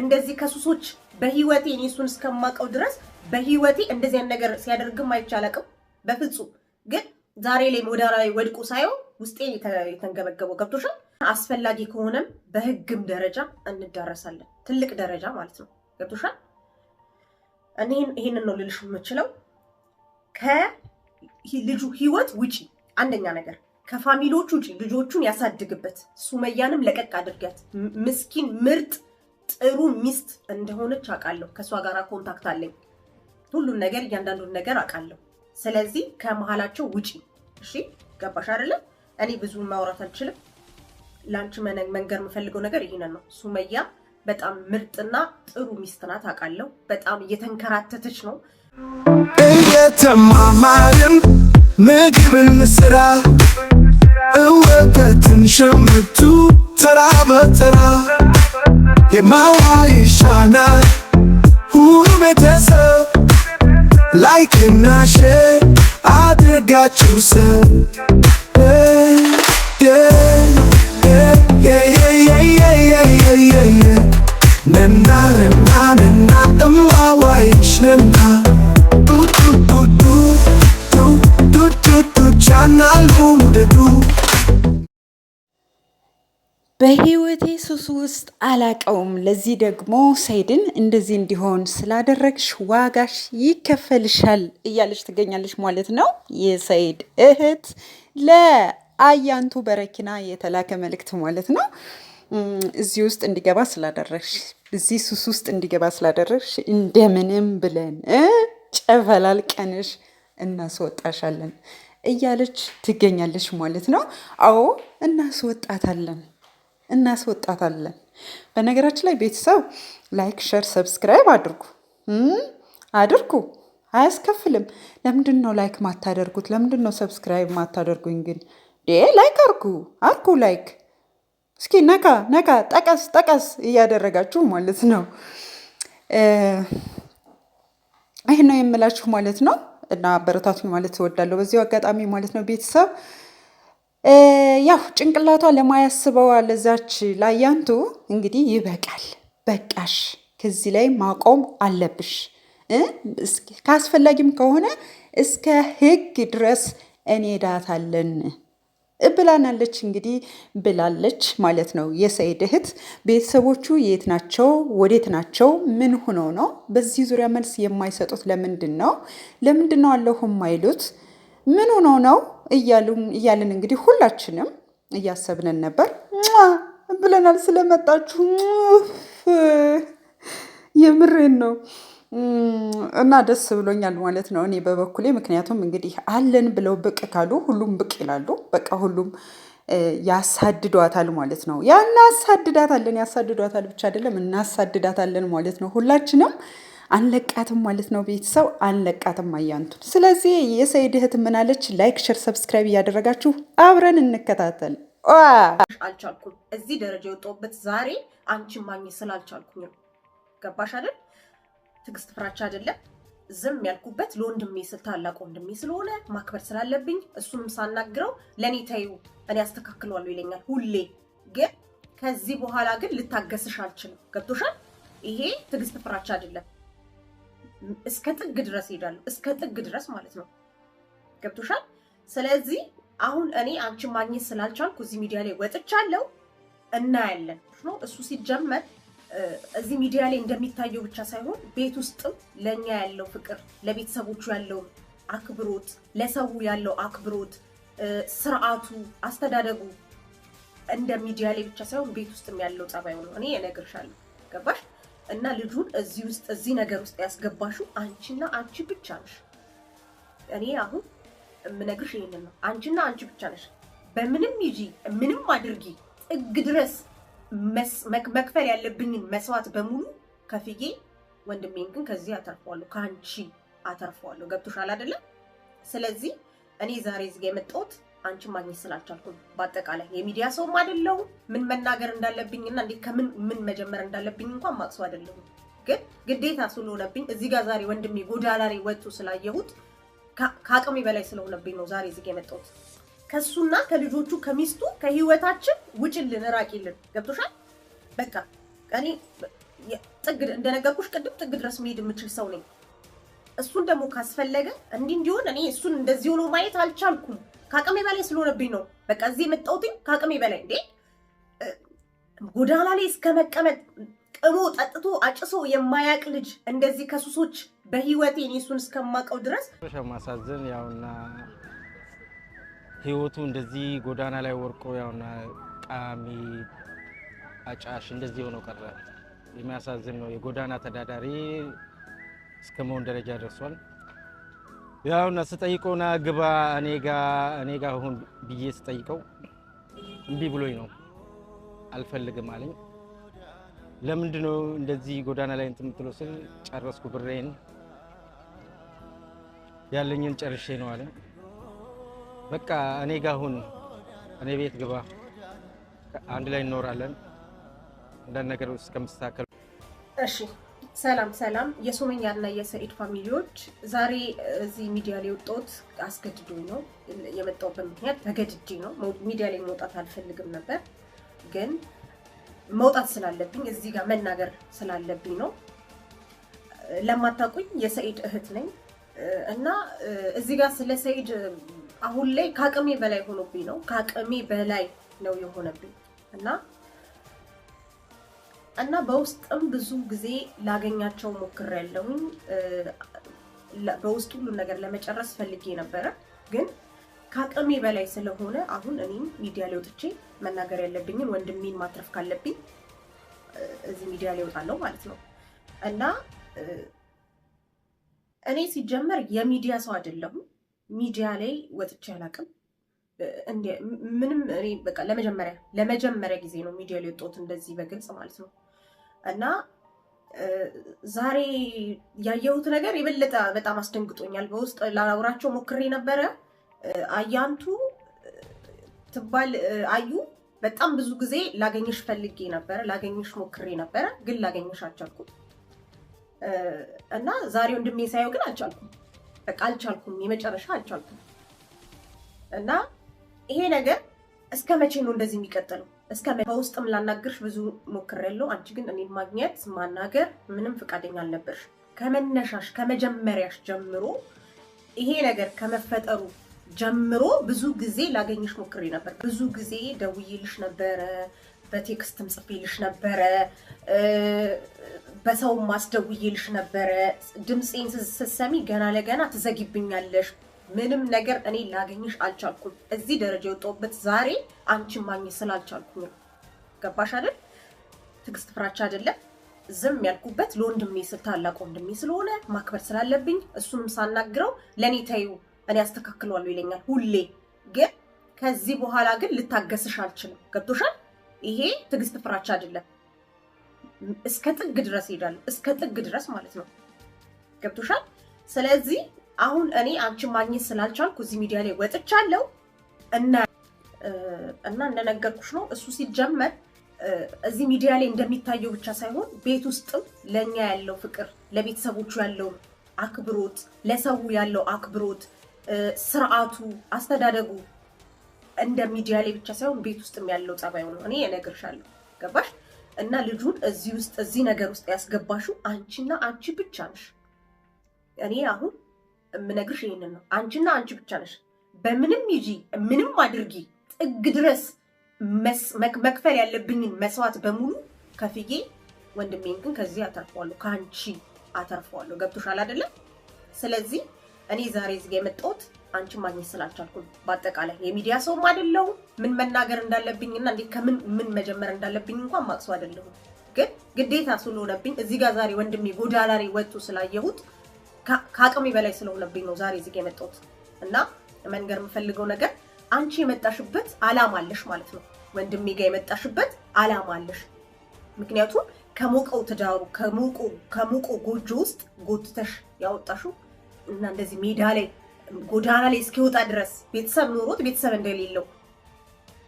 እንደዚህ ከሱሶች በህይወቴ እኔ እሱን እስከማውቀው ድረስ በህይወቴ እንደዚያን ነገር ሲያደርግም አይቻላቅም በፍጹም ግን ዛሬ ላይ ሞዳራዊ ወድቁ ሳየው ውስጤ የተንገበገበው ገብቶሻል። አስፈላጊ ከሆነም በህግም ደረጃ እንዳረሳለን። ትልቅ ደረጃ ማለት ነው። ገብቶሻል። ይሄንን ነው ልልሽ የምችለው። ከልጁ ህይወት ውጪ አንደኛ ነገር ከፋሚሊዎቹ ውጪ ልጆቹን ያሳድግበት። ሱመያንም ለቀቅ አድርጊያት። ምስኪን ምርጥ ጥሩ ሚስት እንደሆነች አውቃለሁ። ከእሷ ጋር ኮንታክት አለኝ። ሁሉን ነገር እያንዳንዱን ነገር አውቃለሁ። ስለዚህ ከመሀላቸው ውጪ። እሺ ገባሽ አይደለም? እኔ ብዙ ማውራት አልችልም። ለአንቺ መንገር የምፈልገው ነገር ይሄንን ነው። ሱመያ በጣም ምርጥና ጥሩ ሚስት ናት፣ አውቃለሁ። በጣም እየተንከራተተች ነው። እየተማማርን ምግብን ስራ እወተትን ሸምቱ ተራ በተራ የማዋይ ቻናል ሁሉ ቤተሰብ ላይክ እና ሼር አድርጋችሁ ሰብናናናናእማዋይችንና በህይወቴ ሱስ ውስጥ አላቀውም። ለዚህ ደግሞ ሰይድን እንደዚህ እንዲሆን ስላደረግሽ ዋጋሽ ይከፈልሻል እያለች ትገኛለች ማለት ነው። የሰይድ እህት ለአያንቱ በረኪና የተላከ መልእክት ማለት ነው። እዚህ ውስጥ እንዲገባ ስላደረግሽ፣ እዚህ ሱስ ውስጥ እንዲገባ ስላደረግሽ እንደምንም ብለን ጨፈላል ቀንሽ እናስወጣሻለን እያለች ትገኛለች ማለት ነው። አዎ እናስወጣታለን። እናስወጣታለን። በነገራችን ላይ ቤተሰብ ላይክ፣ ሸር፣ ሰብስክራይብ አድርጉ አድርጉ አያስከፍልም። ለምንድን ነው ላይክ ማታደርጉት? ለምንድን ነው ሰብስክራይብ ማታደርጉኝ? ግን ላይክ አርጉ አርጉ ላይክ እስኪ ነካ ነካ ጠቀስ ጠቀስ እያደረጋችሁ ማለት ነው። ይህ ነው የምላችሁ ማለት ነው። እና አበረታቱኝ ማለት እወዳለሁ በዚሁ አጋጣሚ ማለት ነው ቤተሰብ ያው ጭንቅላቷ ለማያስበዋል እዛች ላያንቱ እንግዲህ ይበቃል፣ በቃሽ፣ ከዚህ ላይ ማቆም አለብሽ፣ ካስፈላጊም ከሆነ እስከ ህግ ድረስ ዳታለን ብላናለች። እንግዲህ ብላለች ማለት ነው። የሰይድ እህት ቤተሰቦቹ የት ናቸው? ወዴት ናቸው? ምን ሆነው ነው? በዚህ ዙሪያ መልስ የማይሰጡት ለምንድን ነው? ለምንድን ነው አለሁም አይሉት? ምን ሆኖ ነው እያልን እንግዲህ ሁላችንም እያሰብንን ነበር ብለናል። ስለመጣችሁ የምሬን ነው እና ደስ ብሎኛል ማለት ነው እኔ በበኩሌ። ምክንያቱም እንግዲህ አለን ብለው ብቅ ካሉ ሁሉም ብቅ ይላሉ። በቃ ሁሉም ያሳድዷታል ማለት ነው። ያ እናሳድዳታለን፣ ያሳድዷታል ብቻ አይደለም እናሳድዳታለን ማለት ነው ሁላችንም አንለቃትም ማለት ነው። ቤተሰብ አንለቃትም አያንቱን። ስለዚህ የሰይድ እህት ምናለች? ላይክ፣ ሸር፣ ሰብስክራይብ እያደረጋችሁ አብረን እንከታተል። አልቻልኩም እዚህ ደረጃ የወጣሁበት ዛሬ አንቺን ማግኘት ስላልቻልኩኝ ገባሽ አይደል? ትዕግስት ፍራቻ አይደለም ዝም ያልኩበት ለወንድሜ ስል ታላቅ ወንድሜ ስለሆነ ማክበር ስላለብኝ እሱንም ሳናግረው ለእኔ ተይው እኔ አስተካክለዋለሁ ይለኛል ሁሌ። ግን ከዚህ በኋላ ግን ልታገስሽ አልችልም። ገብቶሻል? ይሄ ትዕግስት ፍራቻ አይደለም። እስከ ጥግ ድረስ ይሄዳሉ። እስከ ጥግ ድረስ ማለት ነው። ገብቶሻል? ስለዚህ አሁን እኔ አንቺን ማግኘት ስላልቻልኩ እዚህ ሚዲያ ላይ ወጥቻለሁ። እናያለን ነው እሱ ሲጀመር እዚህ ሚዲያ ላይ እንደሚታየው ብቻ ሳይሆን ቤት ውስጥም ለእኛ ያለው ፍቅር፣ ለቤተሰቦቹ ያለው አክብሮት፣ ለሰው ያለው አክብሮት፣ ስርዓቱ፣ አስተዳደጉ እንደ ሚዲያ ላይ ብቻ ሳይሆን ቤት ውስጥም ያለው ጸባዩ ነው። እኔ እነግርሻለሁ። ገባሽ? እና ልጁን እዚህ ውስጥ እዚህ ነገር ውስጥ ያስገባሹ አንቺና አንቺ ብቻ ነሽ። እኔ አሁን የምነግርሽ ይህንን ነው። አንቺና አንቺ ብቻ ነሽ። በምንም ይጂ ምንም አድርጊ ጥግ ድረስ መክፈል ያለብኝን መስዋዕት በሙሉ ከፍዬ ወንድሜን ግን ከዚህ አተርፈዋለሁ፣ ከአንቺ አተርፈዋለሁ። ገብቶሻል አይደለም? ስለዚህ እኔ ዛሬ እዚህ ጋ የመጣሁት አንቺን ማግኘት ስላልቻልኩም በአጠቃላይ የሚዲያ ሰውም አይደለሁም። ምን መናገር እንዳለብኝ እና እንዴት ከምን ምን መጀመር እንዳለብኝ እንኳን ማቅሰው አይደለሁም። ግን ግዴታ ስለሆነብኝ እዚህ ጋር ዛሬ ወንድሜ ጎዳና ላይ ወጥቶ ስላየሁት ከአቅሜ በላይ ስለሆነብኝ ነው ዛሬ እዚህ የመጣሁት። ከሱና ከልጆቹ ከሚስቱ ከህይወታችን ውጭልን፣ ራቂልን። ገብቶሻል? በቃ እኔ ጥግ እንደነገርኩሽ ቅድም ጥግ ድረስ መሄድ የምችል ሰው ነኝ። እሱን ደግሞ ካስፈለገ እንዲህ እንዲሆን እኔ እሱን እንደዚህ ሆኖ ማየት አልቻልኩም። ከአቅሜ በላይ ስለሆነብኝ ነው። በቃ እዚህ የመጣሁትኝ ከአቅሜ በላይ እንዴ ጎዳና ላይ እስከ መቀመጥ ቅሞ ጠጥቶ አጭሶ የማያቅ ልጅ እንደዚህ ከሱሶች በህይወቴ እሱን እስከማውቀው ድረስ ማሳዘን ያውና ህይወቱ እንደዚህ ጎዳና ላይ ወርቆ ያውና ጣሚ አጫሽ እንደዚህ ሆኖ ቀረ። የሚያሳዝን ነው። የጎዳና ተዳዳሪ እስከ መሆን ደረጃ ደርሷል። ያው እና ስጠይቀው ና ግባ እኔ ጋ እኔ ጋ ሁን ብዬ ስጠይቀው እምቢ ብሎኝ ነው አልፈልግም አለኝ። ለምንድን ነው እንደዚህ ጎዳና ላይ እንትን የምትለው ስል ጨረስኩ ብሬን ያለኝን ጨርሼ ነው አለ። በቃ እኔ ጋ ሁን እኔ ቤት ግባ አንድ ላይ እንኖራለን እንዳን ነገር እስከምስተካከል እሺ ሰላም ሰላም የሶመኛ እና የሰኢድ ፋሚሊዎች፣ ዛሬ እዚህ ሚዲያ ላይ የወጣሁት አስገድዶ ነው። የመጣሁበት ምክንያት ተገድጄ ነው። ሚዲያ ላይ መውጣት አልፈልግም ነበር፣ ግን መውጣት ስላለብኝ እዚህ ጋር መናገር ስላለብኝ ነው። ለማታውቁኝ የሰኢድ እህት ነኝ እና እዚህ ጋር ስለ ሰኢድ አሁን ላይ ከአቅሜ በላይ ሆኖብኝ ነው። ከአቅሜ በላይ ነው የሆነብኝ እና እና በውስጥም ብዙ ጊዜ ላገኛቸው ሞክር ያለውኝ በውስጥ ሁሉን ነገር ለመጨረስ ፈልጌ ነበረ ግን ከአቅሜ በላይ ስለሆነ አሁን እኔም ሚዲያ ላይ ወጥቼ መናገር ያለብኝን ወንድሜን ማትረፍ ካለብኝ እዚህ ሚዲያ ላይ እወጣለሁ ማለት ነው እና እኔ ሲጀመር የሚዲያ ሰው አይደለሁም። ሚዲያ ላይ ወጥቼ አላቅም። ምንም እኔ በቃ ለመጀመሪያ ለመጀመሪያ ጊዜ ነው ሚዲያ ላይ ወጣሁት እንደዚህ በግልጽ ማለት ነው። እና ዛሬ ያየሁት ነገር የበለጠ በጣም አስደንግጦኛል። በውስጥ ላውራቸው ሞክሬ ነበረ። አያንቱ ትባል አዩ፣ በጣም ብዙ ጊዜ ላገኘሽ ፈልጌ ነበረ፣ ላገኘሽ ሞክሬ ነበረ፣ ግን ላገኘሽ አልቻልኩም። እና ዛሬ ወንድሜ ሳየው ግን አልቻልኩም፣ በቃ አልቻልኩም፣ የመጨረሻ አልቻልኩም እና ይሄ ነገር እስከ መቼ ነው እንደዚህ የሚቀጥለው? እስከ በውስጥም ላናግርሽ ብዙ ሞክሬያለሁ። አንቺ ግን እኔ ማግኘት ማናገር ምንም ፈቃደኛ አልነበርሽ። ከመነሻሽ ከመጀመሪያሽ ጀምሮ ይሄ ነገር ከመፈጠሩ ጀምሮ ብዙ ጊዜ ላገኝሽ ሞክሬ ነበር። ብዙ ጊዜ ደውዬልሽ ነበረ፣ በቴክስትም ጽፌልሽ ነበረ፣ በሰውም ማስደውይልሽ ነበረ። ድምፄን ስትሰሚ ገና ለገና ትዘጊብኛለሽ ምንም ነገር እኔ ላገኝሽ አልቻልኩም። እዚህ ደረጃ የወጣሁበት ዛሬ አንቺን ማግኘት ስላልቻልኩ ነው። ገባሽ አይደል? ትዕግስት ፍራቻ አይደለም። ዝም ያልኩበት ለወንድሜ ስል ታላቅ ወንድሜ ስለሆነ ማክበር ስላለብኝ እሱንም ሳናግረው ለእኔ ተዩ እኔ አስተካክለዋለሁ ይለኛል ሁሌ። ግን ከዚህ በኋላ ግን ልታገስሽ አልችልም። ገብቶሻል? ይሄ ትዕግስት ፍራቻ አይደለም። እስከ ጥግ ድረስ ሄዳለሁ። እስከ ጥግ ድረስ ማለት ነው። ገብቶሻል? ስለዚህ አሁን እኔ አንቺን ማግኘት ስላልቻልኩ እዚህ ሚዲያ ላይ ወጥቻለሁ እና እና እንደነገርኩሽ ነው እሱ ሲጀመር እዚህ ሚዲያ ላይ እንደሚታየው ብቻ ሳይሆን ቤት ውስጥም ለእኛ ያለው ፍቅር፣ ለቤተሰቦቹ ያለው አክብሮት፣ ለሰው ያለው አክብሮት፣ ስርዓቱ፣ አስተዳደጉ እንደ ሚዲያ ላይ ብቻ ሳይሆን ቤት ውስጥም ያለው ጸባይ ነው። እኔ እነግርሻለሁ። ገባሽ? እና ልጁን እዚህ ውስጥ እዚህ ነገር ውስጥ ያስገባሽው አንቺና አንቺ ብቻ ነሽ። እኔ አሁን የምነግርሽ ይህንን ነው። አንቺና አንቺ ብቻ ነሽ። በምንም ይጂ ምንም አድርጊ ጥግ ድረስ መክፈል ያለብኝን መስዋዕት በሙሉ ከፍዬ ወንድሜን ግን ከዚህ አተርፈዋለሁ፣ ከአንቺ አተርፈዋለሁ። ገብቶሻል አይደለም? ስለዚህ እኔ ዛሬ እዚህ የመጣሁት አንቺ ማግኘት ስላልቻልኩ በአጠቃላይ የሚዲያ ሰውም አይደለሁም ምን መናገር እንዳለብኝና እና እንዴት ከምን ምን መጀመር እንዳለብኝ እንኳን ማቅሶ አይደለሁም። ግን ግዴታ ስለሆነብኝ እዚህ ጋር ዛሬ ወንድሜ ጎዳና ወጡ ስላየሁት ከአቅሜ በላይ ስለሆነብኝ ነው ዛሬ እዚህ የመጣሁት እና መንገር የምፈልገው ነገር አንቺ የመጣሽበት አላማ አለሽ ማለት ነው። ወንድሜ ጋ የመጣሽበት አላማ አለሽ። ምክንያቱም ከሞቀው ትዳሩ ከሞቆ ጎጆ ውስጥ ጎትተሽ ያወጣሽው እና እንደዚህ ሜዳ ላይ ጎዳና ላይ እስኪወጣ ድረስ ቤተሰብ ኖሮት ቤተሰብ እንደሌለው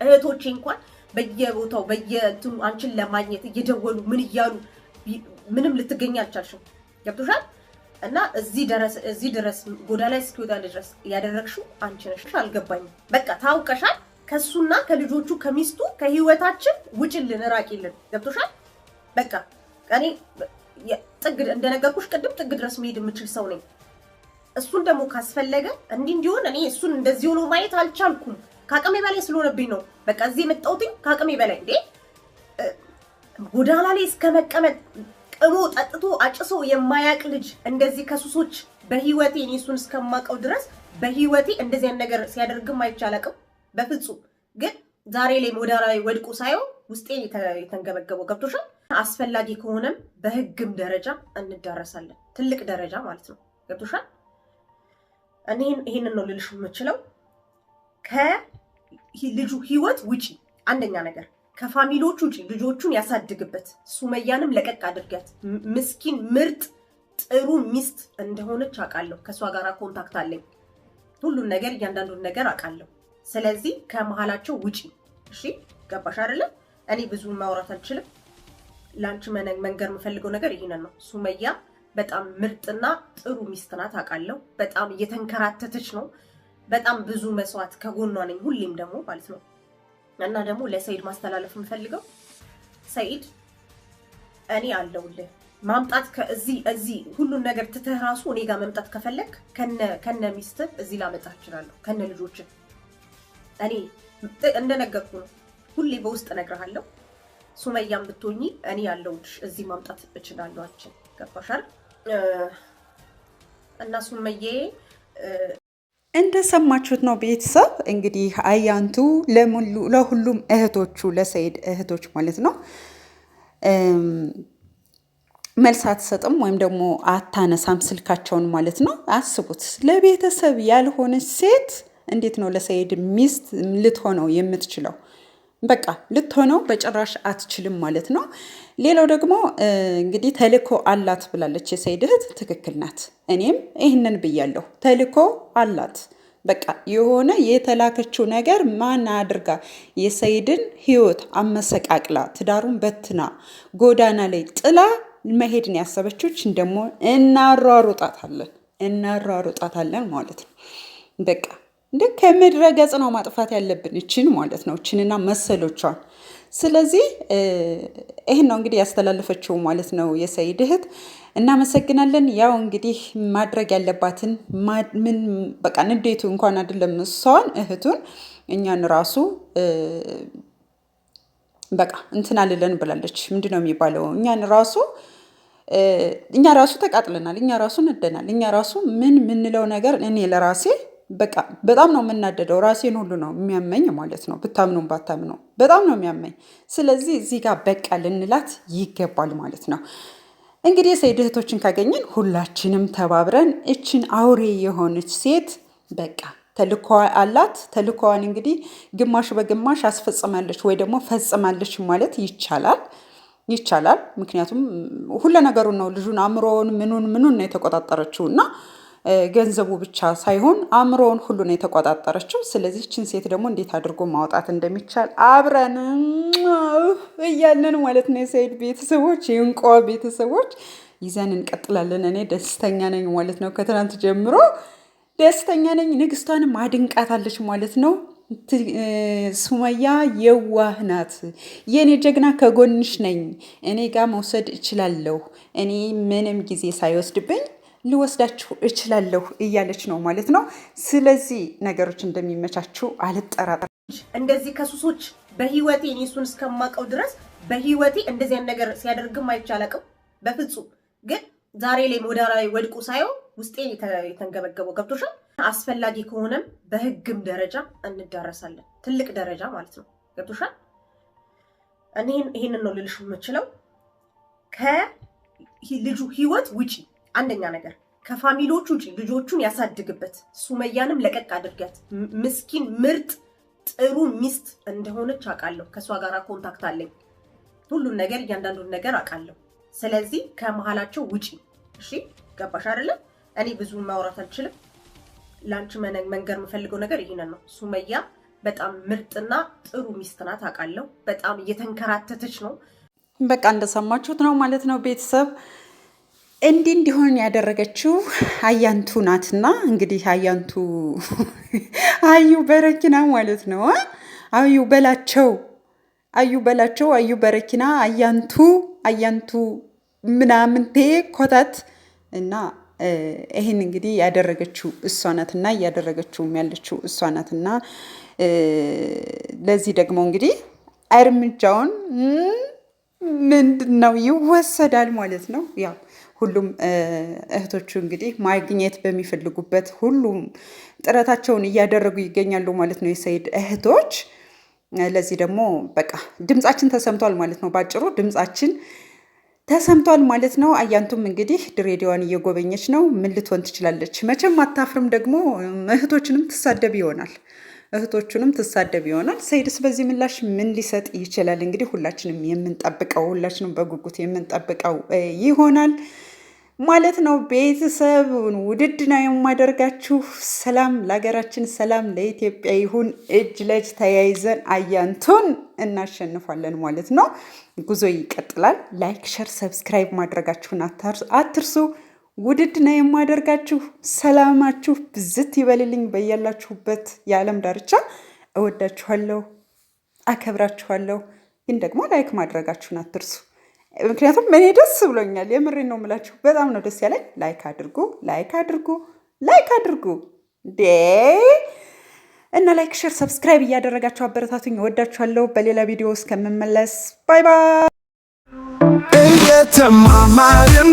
እህቶቼ እንኳን በየቦታው በየእንትኑ አንቺን ለማግኘት እየደወሉ ምን እያሉ ምንም ልትገኝ አልቻልሽም። ገብቶሻል? እና እዚህ ድረስ እዚህ ድረስ ጎዳ ላይ እስኪወጣ ድረስ ያደረግሽው አንቺ ነሽ። አልገባኝም። በቃ ታውቀሻል። ከሱና ከልጆቹ ከሚስቱ ከህይወታችን ውጭልን፣ ራቂልን። ገብቶሻል። በቃ እኔ ጥግ እንደነገርኩሽ ቅድም ጥግ ድረስ መሄድ የምችል ሰው ነኝ። እሱን ደግሞ ካስፈለገ እንዲህ እንዲሆን እኔ እሱን እንደዚህ ሆኖ ማየት አልቻልኩም። ከአቅሜ በላይ ስለሆነብኝ ነው። በቃ እዚህ የመጣሁትኝ ከአቅሜ በላይ እንዴ ጎዳና ላይ እስከ መቀመጥ ቅሞ ጠጥቶ አጭሶ የማያቅ ልጅ እንደዚህ ከሱሶች በህይወቴ እኔ እሱን እስከማውቀው ድረስ በህይወቴ እንደዚህ አይነት ነገር ሲያደርግም አይቻላቅም በፍጹም ግን ዛሬ ላይ ሞዳራ ላይ ወድቆ ሳይሆን ውስጤ የተንገበገበው ገብቶሻል። አስፈላጊ ከሆነም በህግም ደረጃ እንዳረሳለን። ትልቅ ደረጃ ማለት ነው። ገብቶሻል። ይሄንን ነው ልልሽ የምችለው። ከልጁ ህይወት ውጪ አንደኛ ነገር ከፋሚሊዎች ውጭ ልጆቹን ያሳድግበት። ሱመያንም ለቀቅ አድርጋት። ምስኪን ምርጥ ጥሩ ሚስት እንደሆነች አውቃለሁ። ከእሷ ጋር ኮንታክት አለኝ። ሁሉም ነገር እያንዳንዱን ነገር አውቃለሁ። ስለዚህ ከመሀላቸው ውጪ። እሺ ገባሽ አይደለ? እኔ ብዙ ማውራት አልችልም። ለአንቺ መንገር የምፈልገው ነገር ይህንን ነው። ሱመያ በጣም ምርጥና ጥሩ ሚስት ናት አውቃለሁ። በጣም እየተንከራተተች ነው። በጣም ብዙ መስዋዕት ከጎኗ ነኝ ሁሌም ደግሞ ማለት ነው እና ደግሞ ለሰይድ ማስተላለፍ የምፈልገው ሰይድ እኔ አለውልህ። ማምጣት ከዚህ እዚህ ሁሉን ነገር ትተህ ራሱ እኔ ጋር መምጣት ከፈለግ ከነ ሚስትህ እዚህ ላመጣ እችላለሁ፣ ከነ ልጆች። እኔ እንደነገርኩ ነው፣ ሁሌ በውስጥ እነግርሃለሁ። ሱመያም ብትሆኚ እኔ ያለውልሽ እዚህ ማምጣት እችላለሁ። አንቺን ገባሻል? እና ሱመዬ እንደሰማችሁት ነው ቤተሰብ እንግዲህ አያንቱ ለሁሉም እህቶቹ ለሰይድ እህቶች ማለት ነው መልስ አትሰጥም ወይም ደግሞ አታነሳም ስልካቸውን ማለት ነው። አስቡት ለቤተሰብ ያልሆነች ሴት እንዴት ነው ለሰይድ ሚስት ልትሆነው የምትችለው? በቃ ልትሆነው በጭራሽ አትችልም ማለት ነው። ሌላው ደግሞ እንግዲህ ተልእኮ አላት ብላለች የሰይድ እህት፣ ትክክል ናት። እኔም ይህንን ብያለሁ። ተልእኮ አላት በቃ የሆነ የተላከችው ነገር ማን አድርጋ የሰይድን ህይወት አመሰቃቅላ ትዳሩን በትና ጎዳና ላይ ጥላ መሄድን ያሰበችች ደግሞ እናሯሩጣታለን እናሯሩጣታለን ማለት ነው በቃ እንደ ከምድረ ገጽ ነው ማጥፋት ያለብን እችን ማለት ነው፣ እችንና መሰሎቿን። ስለዚህ ይህን ነው እንግዲህ ያስተላለፈችው ማለት ነው የሰይድ እህት። እናመሰግናለን። ያው እንግዲህ ማድረግ ያለባትን ምን በቃ ንዴቱ እንኳን አይደለም እሷን እህቱን እኛን ራሱ በቃ እንትን አልለን ብላለች። ምንድን ነው የሚባለው? እኛን ራሱ እኛ ራሱ ተቃጥለናል፣ እኛ ራሱ ነደናል፣ እኛ ራሱ ምን ምንለው ነገር እኔ ለራሴ በቃ በጣም ነው የምናደደው። ራሴን ሁሉ ነው የሚያመኝ ማለት ነው። ብታምኑም ባታምነው በጣም ነው የሚያመኝ። ስለዚህ እዚህ ጋር በቃ ልንላት ይገባል ማለት ነው። እንግዲህ ሰኢድ እህቶችን ካገኘን ሁላችንም ተባብረን እችን አውሬ የሆነች ሴት በቃ ተልኮዋ አላት። ተልኮዋን እንግዲህ ግማሽ በግማሽ አስፈጽማለች ወይ ደግሞ ፈጽማለች ማለት ይቻላል ይቻላል። ምክንያቱም ሁለ ነገሩን ነው ልጁን አእምሮውን፣ ምኑን ምኑን ነው የተቆጣጠረችው እና ገንዘቡ ብቻ ሳይሆን አእምሮውን ሁሉ ነው የተቆጣጠረችው። ስለዚህ ችን ሴት ደግሞ እንዴት አድርጎ ማውጣት እንደሚቻል አብረን እያለን ማለት ነው የሰኢድ ቤተሰቦች የእንቋ ቤተሰቦች ይዘን እንቀጥላለን። እኔ ደስተኛ ነኝ ማለት ነው። ከትናንት ጀምሮ ደስተኛ ነኝ። ንግስቷንም አድንቃታለች ማለት ነው። ሱመያ የዋህ ናት። የእኔ ጀግና ከጎንሽ ነኝ፣ እኔ ጋር መውሰድ እችላለሁ፣ እኔ ምንም ጊዜ ሳይወስድብኝ ልወስዳችሁ እችላለሁ እያለች ነው ማለት ነው። ስለዚህ ነገሮች እንደሚመቻችው አልጠራጠር። እንደዚህ ከሱሶች በህይወቴ እኔ እሱን እስከማውቀው ድረስ በህይወቴ እንደዚህ አይነት ነገር ሲያደርግም አይቻላቅም በፍጹም። ግን ዛሬ ላይ ሞዳራ ወድቁ ሳየው ውስጤ የተንገበገበው ገብቶሻል። አስፈላጊ ከሆነም በህግም ደረጃ እንዳረሳለን፣ ትልቅ ደረጃ ማለት ነው። ገብቶሻል። እኔ ይህንን ነው ልልሽ የምችለው ከልጁ ህይወት ውጪ አንደኛ ነገር ከፋሚሊዎች ውጭ ልጆቹን ያሳድግበት። ሱመያንም ለቀቅ አድርገት። ምስኪን ምርጥ ጥሩ ሚስት እንደሆነች አውቃለሁ። ከእሷ ጋር ኮንታክት አለኝ። ሁሉን ነገር እያንዳንዱን ነገር አውቃለሁ። ስለዚህ ከመሀላቸው ውጪ። እሺ ገባሽ አይደለ? እኔ ብዙ ማውራት አልችልም። ለአንቺ መንገር የምፈልገው ነገር ይህንን ነው። ሱመያ በጣም ምርጥና ጥሩ ሚስት ናት፣ አውቃለሁ። በጣም እየተንከራተተች ነው። በቃ እንደሰማችሁት ነው ማለት ነው ቤተሰብ እንዲህ እንዲሆን ያደረገችው አያንቱ ናትና እንግዲህ አያንቱ አዩ በረኪና ማለት ነው። አዩ በላቸው፣ አዩ በላቸው፣ አዩ በረኪና፣ አያንቱ አያንቱ ምናምንቴ ኮታት እና ይህን እንግዲህ ያደረገችው እሷ ናትና እያደረገችውም ያለችው እሷ ናትና ለዚህ ደግሞ እንግዲህ እርምጃውን ምንድን ነው ይወሰዳል ማለት ነው ያው ሁሉም እህቶቹ እንግዲህ ማግኘት በሚፈልጉበት ሁሉም ጥረታቸውን እያደረጉ ይገኛሉ ማለት ነው የሰይድ እህቶች። ለዚህ ደግሞ በቃ ድምጻችን ተሰምቷል ማለት ነው። ባጭሩ ድምጻችን ተሰምቷል ማለት ነው። አያንቱም እንግዲህ ድሬዳዋን እየጎበኘች ነው። ምን ልትሆን ትችላለች? መቼም አታፍርም። ደግሞ እህቶችንም ትሳደብ ይሆናል እህቶቹንም ትሳደብ ይሆናል። ሰይድስ በዚህ ምላሽ ምን ሊሰጥ ይችላል? እንግዲህ ሁላችንም የምንጠብቀው ሁላችንም በጉጉት የምንጠብቀው ይሆናል ማለት ነው። ቤተሰብ ውድድ ነው የማደርጋችሁ። ሰላም ለሀገራችን፣ ሰላም ለኢትዮጵያ ይሁን። እጅ ለእጅ ተያይዘን አያንቱን እናሸንፋለን ማለት ነው። ጉዞ ይቀጥላል። ላይክ፣ ሸር፣ ሰብስክራይብ ማድረጋችሁን አትርሱ። ውድድ ነው የማደርጋችሁ። ሰላማችሁ ብዝት ይበልልኝ በያላችሁበት የዓለም ዳርቻ። እወዳችኋለሁ፣ አከብራችኋለሁ። ግን ደግሞ ላይክ ማድረጋችሁን አትርሱ። ምክንያቱም እኔ ደስ ብሎኛል፣ የምሬ ነው የምላችሁ። በጣም ነው ደስ ያለኝ። ላይክ አድርጉ፣ ላይክ አድርጉ፣ ላይክ አድርጉ ዴ እና ላይክ፣ ሼር፣ ሰብስክራይብ እያደረጋችሁ አበረታቱኝ። እወዳችኋለሁ። በሌላ ቪዲዮ እስከምመለስ ባይ ባይ። እየተማማርን